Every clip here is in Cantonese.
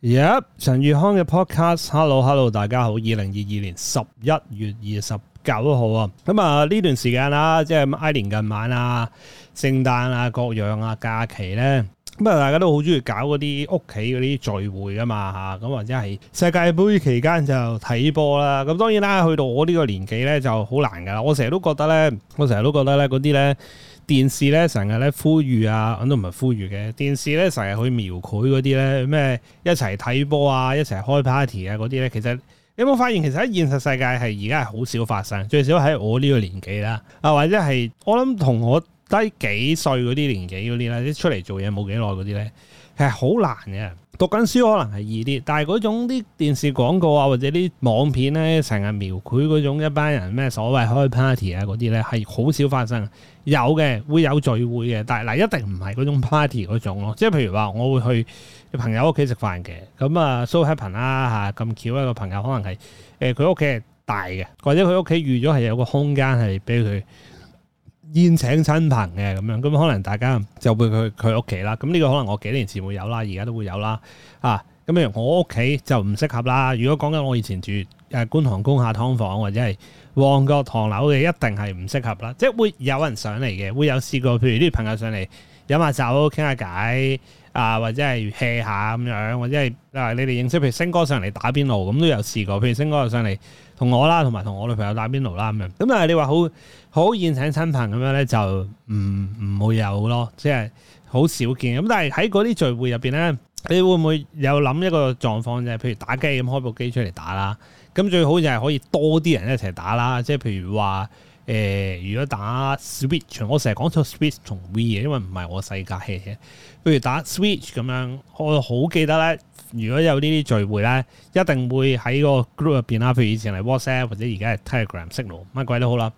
入陳玉康嘅 podcast，hello hello，大家好，二零二二年十一月二十九號啊，咁啊，呢段時間啊，即係挨年近晚啊，聖誕啊，各樣啊假期咧，咁啊大家都好中意搞嗰啲屋企嗰啲聚會噶嘛吓，咁或者係世界杯期間就睇波啦，咁當然啦，去到我呢個年紀咧就好難噶啦，我成日都覺得咧，我成日都覺得咧嗰啲咧。電視咧成日咧呼籲啊，咁都唔係呼籲嘅，電視咧成日去描繪嗰啲咧咩一齊睇波啊，一齊開 party 啊嗰啲咧，其實你有冇發現其實喺現實世界係而家係好少發生，最少喺我呢個年紀啦，啊或者係我諗同我低幾歲嗰啲年紀嗰啲咧，即出嚟做嘢冇幾耐嗰啲咧，係好難嘅。讀緊書可能係易啲，但係嗰種啲電視廣告啊，或者啲網片咧，成日描繪嗰種一班人咩所謂開 party 啊嗰啲咧，係好少發生。有嘅會有聚會嘅，但係嗱一定唔係嗰種 party 嗰種咯。即係譬如話，我會去朋友屋企食飯嘅，咁啊 so happen 啦、啊、嚇。咁巧一個朋友可能係誒佢屋企係大嘅，或者佢屋企預咗係有個空間係俾佢。宴請親朋嘅咁樣，咁可能大家就會去佢屋企啦。咁呢個可能我幾年前會有啦，而家都會有啦。啊，咁譬如我屋企就唔適合啦。如果講緊我以前住誒、啊、觀塘工廈劏房或者係旺角唐樓嘅，一定係唔適合啦。即係會有人上嚟嘅，會有試過。譬如啲朋友上嚟飲下酒傾下偈。聊聊啊，或者係 hea 下咁樣，或者係啊，你哋認識，譬如星哥上嚟打邊爐，咁都有試過。譬如星哥上嚟同我啦，同埋同我女朋友打邊爐啦咁樣。咁但係你話好好宴請親朋咁樣咧，就唔唔會有咯，即係好少見。咁但係喺嗰啲聚會入邊咧，你會唔會有諗一個狀況，就係譬如打機咁開部機出嚟打啦，咁最好就係可以多啲人一齊打啦。即係譬如話。誒、呃，如果打 Switch，我成日講到 Switch 同 We 嘅，因為唔係我世界嚟嘅。譬如打 Switch 咁樣，我好記得咧。如果有呢啲聚會咧，一定會喺個 group 入邊啦。譬如以前係 WhatsApp 或者而家係 Telegram Signal，乜鬼都好啦。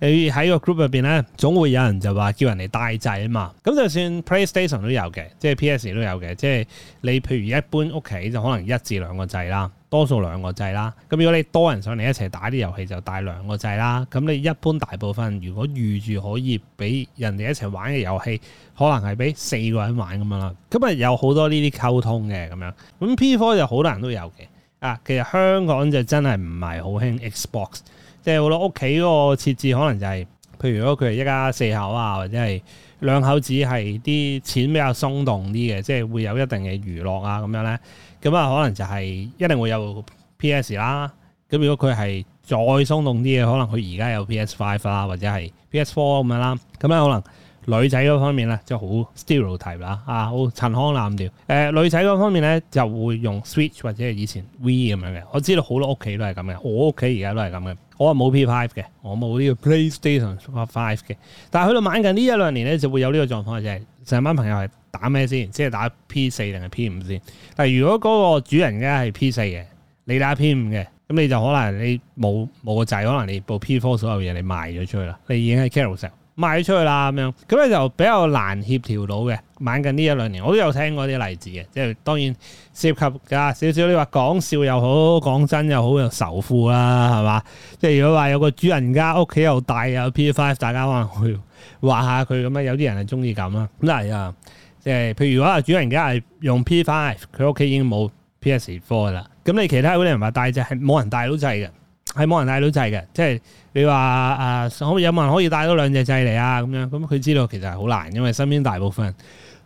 例如喺個 group 入邊咧，總會有人就話叫人嚟帶掣啊嘛。咁就算 PlayStation 都有嘅，即係 PS 都有嘅。即係你譬如一般屋企就可能一至兩個掣啦，多數兩個掣啦。咁如果你多人上嚟一齊打啲遊戲就帶兩個掣啦。咁你一般大部分如果預住可以俾人哋一齊玩嘅遊戲，可能係俾四個人玩咁樣啦。咁啊有好多呢啲溝通嘅咁樣。咁 P4 就好多人都有嘅。啊，其實香港就真係唔係好興 Xbox，即係好多屋企嗰個設置可能就係，譬如如果佢係一家四口啊，或者係兩口子係啲錢比較鬆動啲嘅，即係會有一定嘅娛樂啊咁樣咧，咁啊可能就係一定會有 PS 啦，咁如果佢係再鬆動啲嘅，可能佢而家有 PS Five 啦，或者係 PS Four 咁樣啦，咁咧可能。女仔嗰方面咧就好 stereotype 啦、啊，啊好陳腔濫調。誒、呃、女仔嗰方面咧就會用 switch 或者係以前 Wii 咁樣嘅。我知道好多屋企都係咁嘅，我屋企而家都係咁嘅。我係冇 P5 嘅，我冇呢個 PlayStation Five 嘅。但係去到晚近呢一兩年咧就會有呢個狀況就係。成班朋友係打咩先？即係打 P 四定係 P 五先？但係如果嗰個主人家係 P 四嘅，你打 P 五嘅，咁你就可能你冇冇個掣，可能你部 P 四所有嘢你賣咗出去啦，你已經係 Carousell 賣咗出去啦咁樣，咁咧就比較難協調到嘅。晚近呢一兩年，我都有聽過啲例子嘅，即係當然涉及啊少少。你話講笑又好，講真又好，又仇富啦，係嘛？即係如果話有個主人家屋企又大又有 P5，大家可能會話下佢咁樣。有啲人係中意咁啦。咁但係啊，即係譬如啊，主人家係用 P5，佢屋企已經冇 PS4 four 㗎啦。咁你其他嗰啲人話帶就係冇人帶到滯嘅。係冇人帶到掣嘅，即係你話啊，有冇人可以帶到兩隻掣嚟啊？咁樣咁佢知道其實係好難，因為身邊大部分人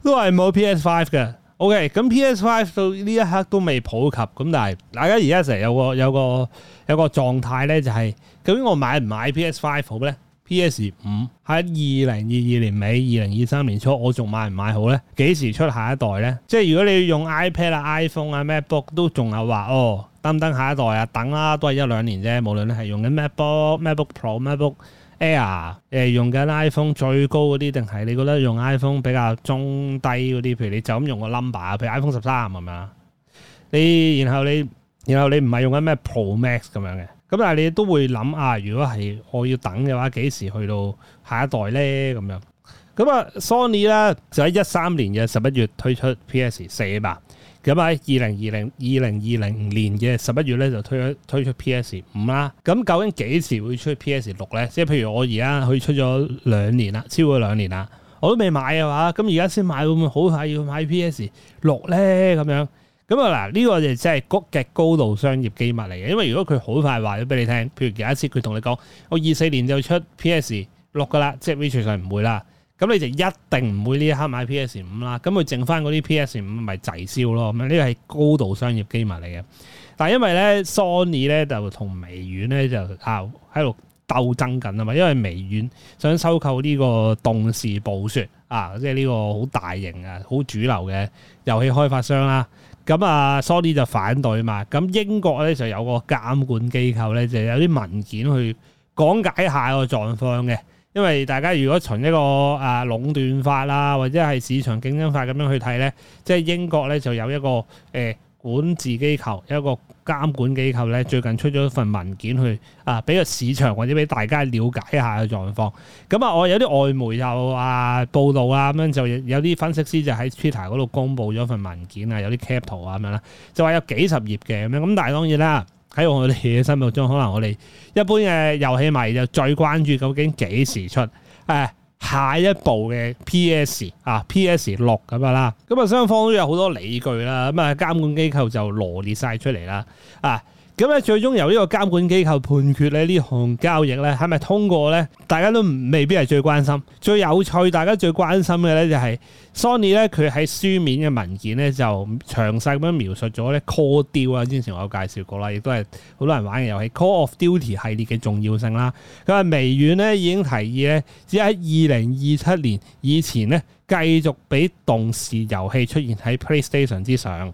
都係冇 P S Five 嘅。O K，咁 P S Five 到呢一刻都未普及，咁但係大家而家成日有個有個有個狀態咧，就係究竟我買唔買 P S Five 好咧？P S 五喺二零二二年尾、二零二三年初，我仲買唔買好咧？幾時出下一代咧？即係如果你用 iPad 啊、iPhone 啊、MacBook 都仲有話哦。等唔等下一代啊，等啦，都係一兩年啫。無論你係用緊 MacBook、MacBook Pro、MacBook Air，誒用緊 iPhone 最高嗰啲，定係你覺得用 iPhone 比較中低嗰啲，譬如你就咁用個 number，譬如 iPhone 十三咁樣。你然後你然後你唔係用緊咩 Pro Max 咁樣嘅，咁但係你都會諗啊，如果係我要等嘅話，幾時去到下一代咧？咁樣咁啊，Sony 呢，就喺一三年嘅十一月推出 PS 四吧。咁喺二零二零二零二零年嘅十一月咧就推推出 PS 五啦。咁究竟幾時會出 PS 六咧？即係譬如我而家去出咗兩年啦，超過兩年啦，我都未買嘅話，咁而家先買會唔會好快要買 PS 六咧？咁樣咁啊嗱，呢、這個就真係谷極高度商業機密嚟嘅。因為如果佢好快話咗俾你聽，譬如有一次佢同你講我二四年就出 PS 六噶啦，即係完全係唔會啦。咁你就一定唔會呢一刻買 PS 五啦，咁佢剩翻嗰啲 PS 五咪滯銷咯。咁呢個係高度商業機密嚟嘅。但係因為咧 Sony 咧就同微軟咧就啊喺度鬥爭緊啊嘛，因為微軟想收購呢個動視暴雪啊，即係呢個好大型啊、好主流嘅遊戲開發商啦。咁啊 Sony 就反對啊嘛。咁英國咧就有個監管機構咧就有啲文件去講解下個狀況嘅。因為大家如果循一個啊壟斷法啦，或者係市場競爭法咁樣去睇咧，即係英國咧就有一個誒、呃、管治機構，有一個監管機構咧，最近出咗一份文件去啊，俾個市場或者俾大家了解一下嘅狀況。咁、嗯、啊，我有啲外媒又啊報導啊咁樣，就有啲分析師就喺 Twitter 嗰度公布咗份文件啊，有啲 cap 圖啊咁樣啦，就話有幾十頁嘅咁樣，咁但係當然啦。喺我哋嘅心目中，可能我哋一般嘅遊戲迷就最關注究竟幾時出？誒、啊，下一步嘅 PS 啊，PS 六咁樣啦。咁啊，雙方都有好多理據啦。咁啊，監管機構就羅列晒出嚟啦。啊！咁咧，最終由呢個監管機構判決咧，呢項交易咧係咪通過咧？大家都未必係最關心。最有趣，大家最關心嘅咧就係 Sony 咧，佢喺書面嘅文件咧就詳細咁樣描述咗咧 Call of Duty 啊，之前我有介紹過啦，亦都係好多人玩嘅遊戲 Call of Duty 系列嘅重要性啦。佢話微軟咧已經提議咧，只喺二零二七年以前咧。繼續俾動視遊戲出現喺 PlayStation 之上，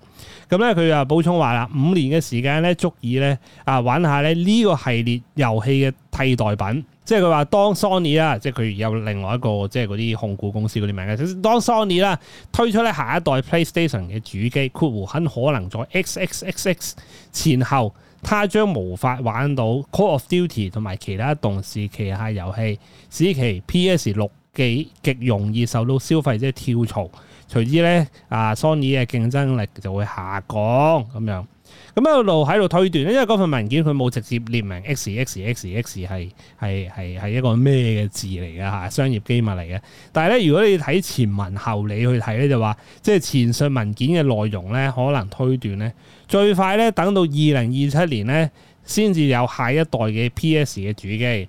咁咧佢又補充話啦，五年嘅時間咧足以咧啊玩下咧呢個系列遊戲嘅替代品，即係佢話當 Sony 啊，即係佢有另外一個即係嗰啲控股公司嗰啲名嘅，當 Sony 啦推出咧下一代 PlayStation 嘅主機，括弧很可能在 X X X X 前後，他將無法玩到 Call of Duty 同埋其他動視旗下遊戲，使其 PS 六。幾極容易受到消費者跳槽，隨之咧啊 Sony 嘅競爭力就會下降咁樣。咁一路喺度推斷咧，因為嗰份文件佢冇直接列明 X X X X 係係係一個咩嘅字嚟嘅吓，商業機密嚟嘅。但係咧，如果你睇前文後理去睇咧，就話即係前述文件嘅內容咧，可能推斷咧，最快咧等到二零二七年咧，先至有下一代嘅 PS 嘅主機。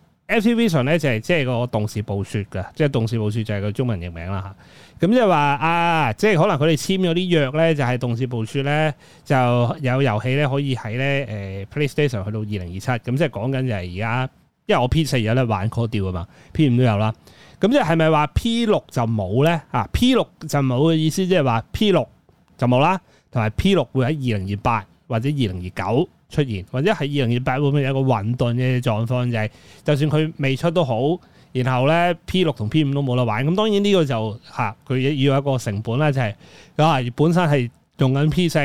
FTV 咧就係即係個動視暴雪噶，即係動視暴雪就係個中文譯名啦吓。咁即係話啊，即係可能佢哋簽咗啲約咧，就係動視暴雪咧就有遊戲咧可以喺咧誒 PlayStation 去到二零二七。咁即係講緊就係而家，因為我 P 四有得玩 Call 掉啊嘛，P 五都有啦。咁即係咪話 P 六就冇咧？吓、啊、P 六就冇嘅意思，即係話 P 六就冇啦，同埋 P 六會喺二零二八或者二零二九。出現或者係二零二八會唔會有一個混沌嘅狀況？就係、是、就算佢未出都好，然後咧 P 六同 P 五都冇得玩。咁當然呢個就嚇佢、啊、要一個成本啦，就係、是、啊本身係用緊 P 四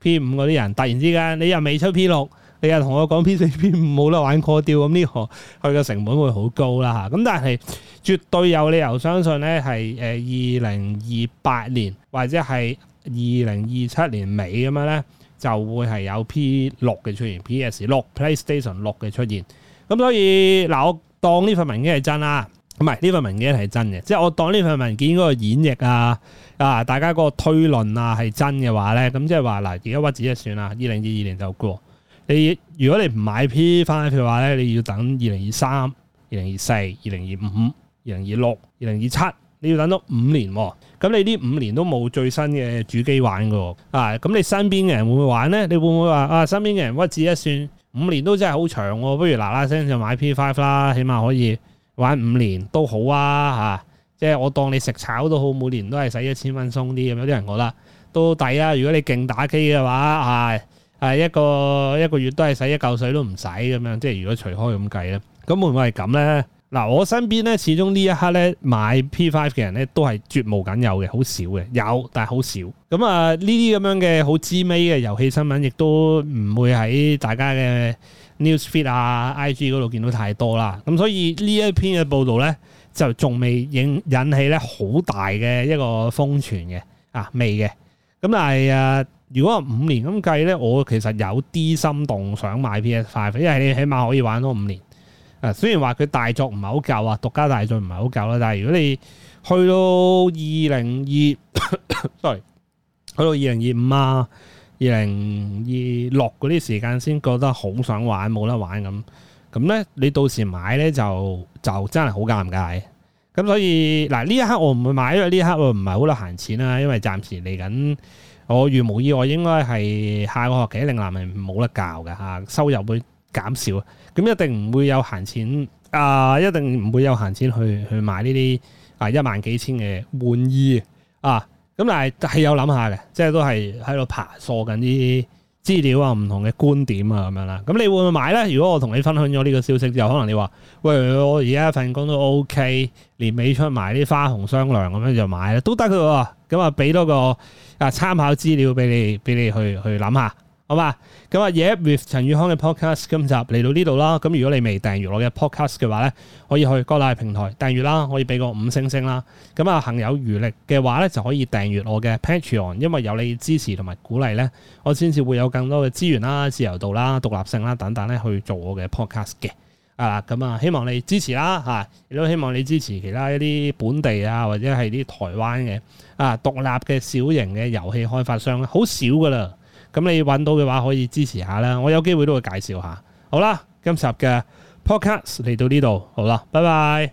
P 五嗰啲人，突然之間你又未出 P 六，你又同我講 P 四 P 五冇得玩 c 掉咁呢、這個佢嘅成本會好高啦嚇。咁、啊、但係絕對有理由相信咧，係誒二零二八年或者係二零二七年尾咁樣咧。就會係有 P 六嘅出現，PS 六 PlayStation 六嘅出現。咁所以嗱，我當呢份文件係真啦，唔係呢份文件係真嘅。即係我當呢份文件嗰個演繹啊，啊大家嗰個推論啊係真嘅話咧，咁即係話嗱，而家屈指一算啦，二零二二年就過。你如果你唔買 P 翻去嘅話咧，你要等二零二三、二零二四、二零二五、二零二六、二零二七。你要等到五年，咁你呢五年都冇最新嘅主機玩嘅，啊，咁你身邊嘅人會唔會玩呢？你會唔會話啊？身邊嘅人屈指一算，五年都真係好長喎，不如嗱嗱聲就買 P5 啦，起碼可以玩五年都好啊，嚇、啊！即係我當你食炒都好，每年都係使一千蚊鬆啲咁，有啲人覺得都抵啊！如果你勁打機嘅話，啊啊一個一個月都係使一嚿水都唔使咁樣，即係如果除開咁計咧，咁會唔會係咁呢？嗱，我身邊咧，始終呢一刻咧買 P5 嘅人咧，都係絕無僅有嘅，好少嘅，有但係好少。咁、嗯、啊，呢啲咁樣嘅好黐尾嘅遊戲新聞，亦都唔會喺大家嘅 news feed 啊、IG 嗰度見到太多啦。咁、嗯、所以呢一篇嘅報導咧，就仲未引引起咧好大嘅一個瘋傳嘅，啊未嘅。咁、嗯、但係啊、嗯，如果五年咁計咧，我其實有啲心動想買 PS5，因為你起碼可以玩多五年。誒，雖然話佢大作唔係好夠啊，獨家大作唔係好夠啦，但係如果你去到二零二去到二零二五啊，二零二六嗰啲時間先覺得好想玩，冇得玩咁，咁咧你到時買咧就就真係好尷尬。咁所以嗱呢一刻我唔會買，因為呢一刻我唔係好多閒錢啦，因為暫時嚟緊，我如無意外應該係下個學期，嶺南係冇得教嘅吓，收入會減少，咁一定唔會有閒錢啊、呃！一定唔會有閒錢去去買呢啲啊一萬幾千嘅玩意啊！咁但係係有諗下嘅，即係都係喺度爬索緊啲資料啊，唔同嘅觀點啊，咁樣啦。咁你會唔會買咧？如果我同你分享咗呢個消息之後可能你話喂，我而家份工都 OK，年尾出埋啲花紅雙糧咁樣就買咧，都得噶喎。咁啊，俾多個啊參考資料俾你，俾你去去諗下。好嘛，咁、嗯、啊，嘢 Yeah , with 陳宇康嘅 podcast 今集嚟到呢度啦。咁如果你未訂閱我嘅 podcast 嘅話咧，可以去各大平台訂閱啦。可以俾個五星星啦。咁、嗯、啊，行有餘力嘅話咧，就可以訂閱我嘅 Patreon。因為有你支持同埋鼓勵咧，我先至會有更多嘅資源啦、自由度啦、獨立性啦等等咧，去做我嘅 podcast 嘅。啊，咁、嗯、啊，希望你支持啦嚇，亦、啊、都希望你支持其他一啲本地啊，或者係啲台灣嘅啊，獨立嘅小型嘅遊戲開發商好少噶啦。咁你揾到嘅話，可以支持下啦，我有機會都會介紹下。好啦，今集嘅 podcast 嚟到呢度，好啦，拜拜。